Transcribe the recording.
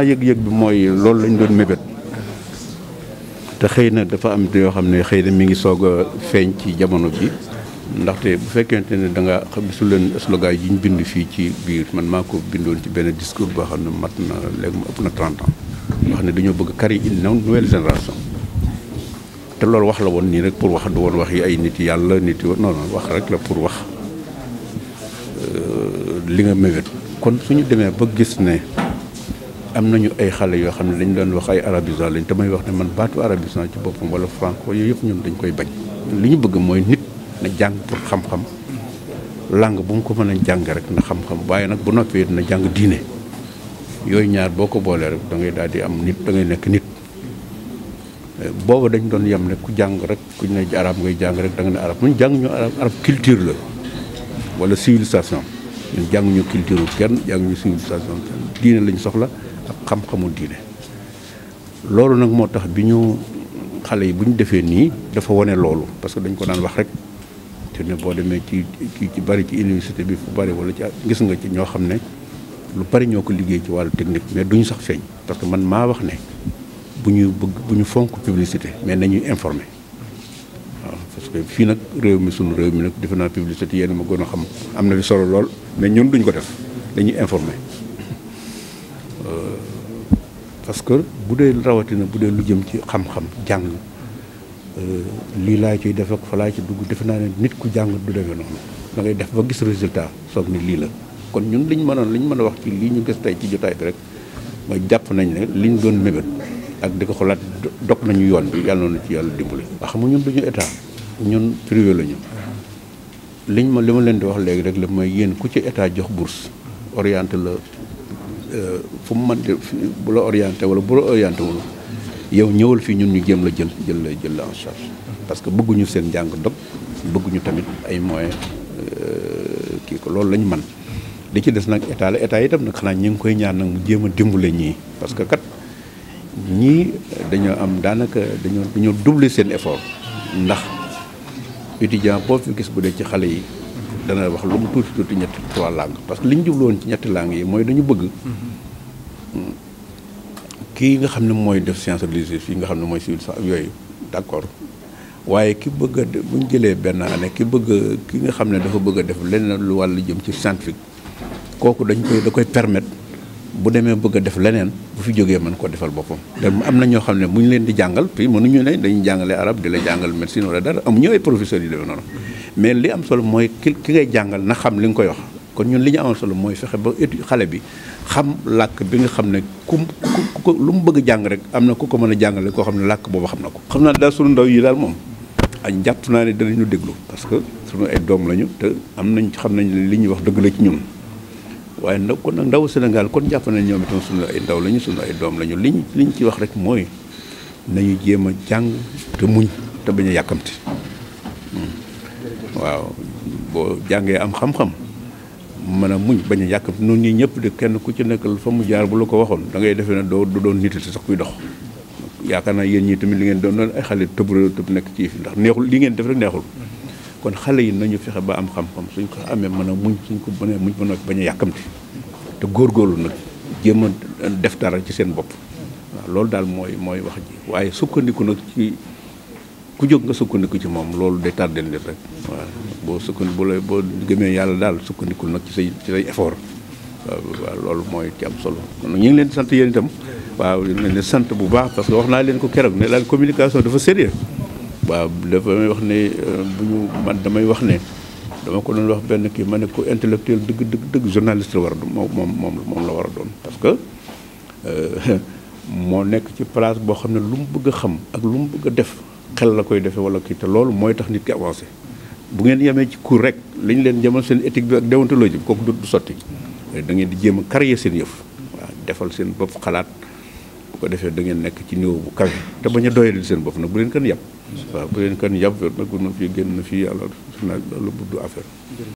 maa yëg-yëg bi mooy loolu lañu doon mébét te xëy na dafa am yoo xam ne xëy na mi ngi soog a feeñ ci jamono bi ndaxte bu fekkente ne danga nga su leen slogan yi ñu bind fii ci biir man maa ko bindoon ci benn discours boo xam ne mat na léegi mu ëpp na 30 ans yoo xam ne dañoo bëgg kari une nouvelle génération te loolu wax la woon nii rek pour wax du woon wax yi ay nit yàlla nit yi non non wax rek la pour wax euh, li nga mébét kon suñu demee ba gis ne am nañu ay xale yoo xam ne dañ doon wax ay arabisant lañ te may wax ne man baatu arabisant ci boppam wala franco yooyu yëpp ñun dañ koy bañ li ñu bëgg mooy nit na jàng pour xam-xam langue bu mu ko mën a jàng rek na xam-xam waaye nag bu noppee na jàng diine yooyu ñaar boo ko boolee rek da ngay daal di am nit dangay nekk nit boobu dañ doon yem ne ku jàng rek kuñ ñu ne arab ngay jàng rek da nga ne arab ñun jàng ñu arab arab culture la wala civilisation ñun jànguñu culture kenn jànguñu civilisation kenn diine lañ soxla ak xam-xamu diine loolu nag moo tax bi ñu xale yi bu ñu defee nii dafa wane loolu parce que dañ ko daan wax rek te ne boo demee ci ci ci bari ci université bi fu bari wala ci gis nga ci ñoo xam ne lu bari ñoo ko liggéey ci wàllu technique mais duñu sax feeñ parce que man maa wax ne bu ñu bëgg bu ñu fonk publicité mais nañuy informer waaw parce que fii nag réew mi sunu réew mi nag defe naa publicité yéen ma gën a xam am na fi solo lool mais ñun duñ ko def dañuy informer Euh, parce que bu dee rawatina bu dee lu jëm ci xam-xam jàng euh, lii laa ciy def ko fa laa ci dugg defe naa ne nit ku jàng du demee noonu da ngay def ba gis résultat soog ni lii la kon ñun liñ mënoon liñ mën a wax ci lii ñu tey ci jotaay bi rek jàpp nañ ne liñ doon mébét ak di xolaat dog nañu yoon bi yàlla na ci yàlla dimbali. waaw xam nga ñun duñu état ñun privé la ñu liñ ma li ma leen di wax léegi rek la mooy yéen ku ci état jox bourse orienté la. Euh, fu mu mën bu la orienté wala bu la orienté wul yow ñëwal fii ñun ñu jéem la jël jël la jël la en charge parce que bëgguñu seen njàng dog bëgguñu tamit ay moyens euh, kii ko loolu lañ man li ci des nag état la yi itam nag xanaa ñu ngi koy ñaan nag mu jéem a dimbale ñii parce que kat ñii dañoo am daanaka dañoo dañoo doubler seen effort ndax étudiant boo fi gis bu dee ci xale yi dana wax lu mu tuuti tuuti ñetti trois langues parce que li ñu jubloon ci ñetti langues yi mooy dañu bëgg kii nga xam ne mooy def science religieuse yi nga xam ne mooy civil yooyu d'accord waaye ki bëgg a bu ñu jëlee benn année ki bëgg ki nga xam ne dafa bëgg def leneen lu wàllu jëm ci scientifique kooku dañ koy da koy permettre bu demee bëgg a def leneen bu fi jógee mën ko defal boppam te am na ñoo xam ne bu ñu leen di jàngal fii mënuñu ne dañuy jàngalee arab di la jàngal médecine wala dara amuñu ay professeurs yu demee noonu mais li am solo mooy ki ki ngay jàngal na xam li nga koy wax kon ñun li ñu amal solo mooy fexe ba étu xale bi xam làkk bi nga xam ne ku ku lu mu bëgg jàng rek am na ku ko mën a jàngale koo xam ne làkk boobu xam na ko. xam naa daal sunu ndaw yi daal moom añ jàpp naa ne danañu déglu parce que sunu ay doom lañu te am nañ xam nañ li ñuy wax dëgg la ci ñun. waaye ndaw kon nag ndaw Sénégal kon jàpp nañ ñoom itam sunu ay ndaw lañu sunu ay doom lañu li ñu ci wax rek mooy nañu jéem a jàng te muñ te bañ a yàkkamti. waaw boo jàngee am xam-xam mën a muñ bañ a yàq noonu ñi ñëpp de kenn ku ci nekkal fa mu jaar bu la ko waxoon da ngay defee ne du doon si sax kuy dox yaakaar naa yéen ñii tamit li ngeen doon doon ay xale tëb tëb nekk ci fi ndax neexul li ngeen def rek neexul kon xale yi nañu fexe ba am xam-xam suñ ko amee mën a muñ suñ ko mënee muñ mën a bañ a yàkkamti te góor góorlu nag jéem a def dara ci seen bopp loolu daal mooy mooy wax ji waaye sukkandiku nag ci bu jóg nga sukkandiku ci moom loolu de tardel nit rek waaw boo sukkandi bu la boo gëmee yàlla daal sukkandiku nag ci say ci say effort waaw loolu mooy ci am solo ñu ngi leen sant yéen itam waaw ñu leen di sant bu baax parce que wax naa leen ko keroog ne la communication dafa sérieux waaw may wax ne euh, bu ñu man damay wax ne dama ko doon wax benn kii ma ne ko intellectuel dëgg dëgg dëgg journaliste la war a doon moom moom moom la war a doon parce que euh, moo nekk ci place boo xam ne lu mu bëgg a xam ak lu mu bëgg a def xel la koy defee wala kii te loolu mooy tax nit ki avancé bu ngeen yemee ci cours rek li leen jëmal seen éthique bi ak déontologie bi kooku du sotti da ngeen di jéem a créer seen yëf waaw defal seen bopp xalaat bu ko defee da ngeen nekk ci niveau bu kawe te bañ a doyalil seen bopp nag bu leen kenn yàpp waaw bu leen kenn yàpp nag na fii génn na fii alors nag loolu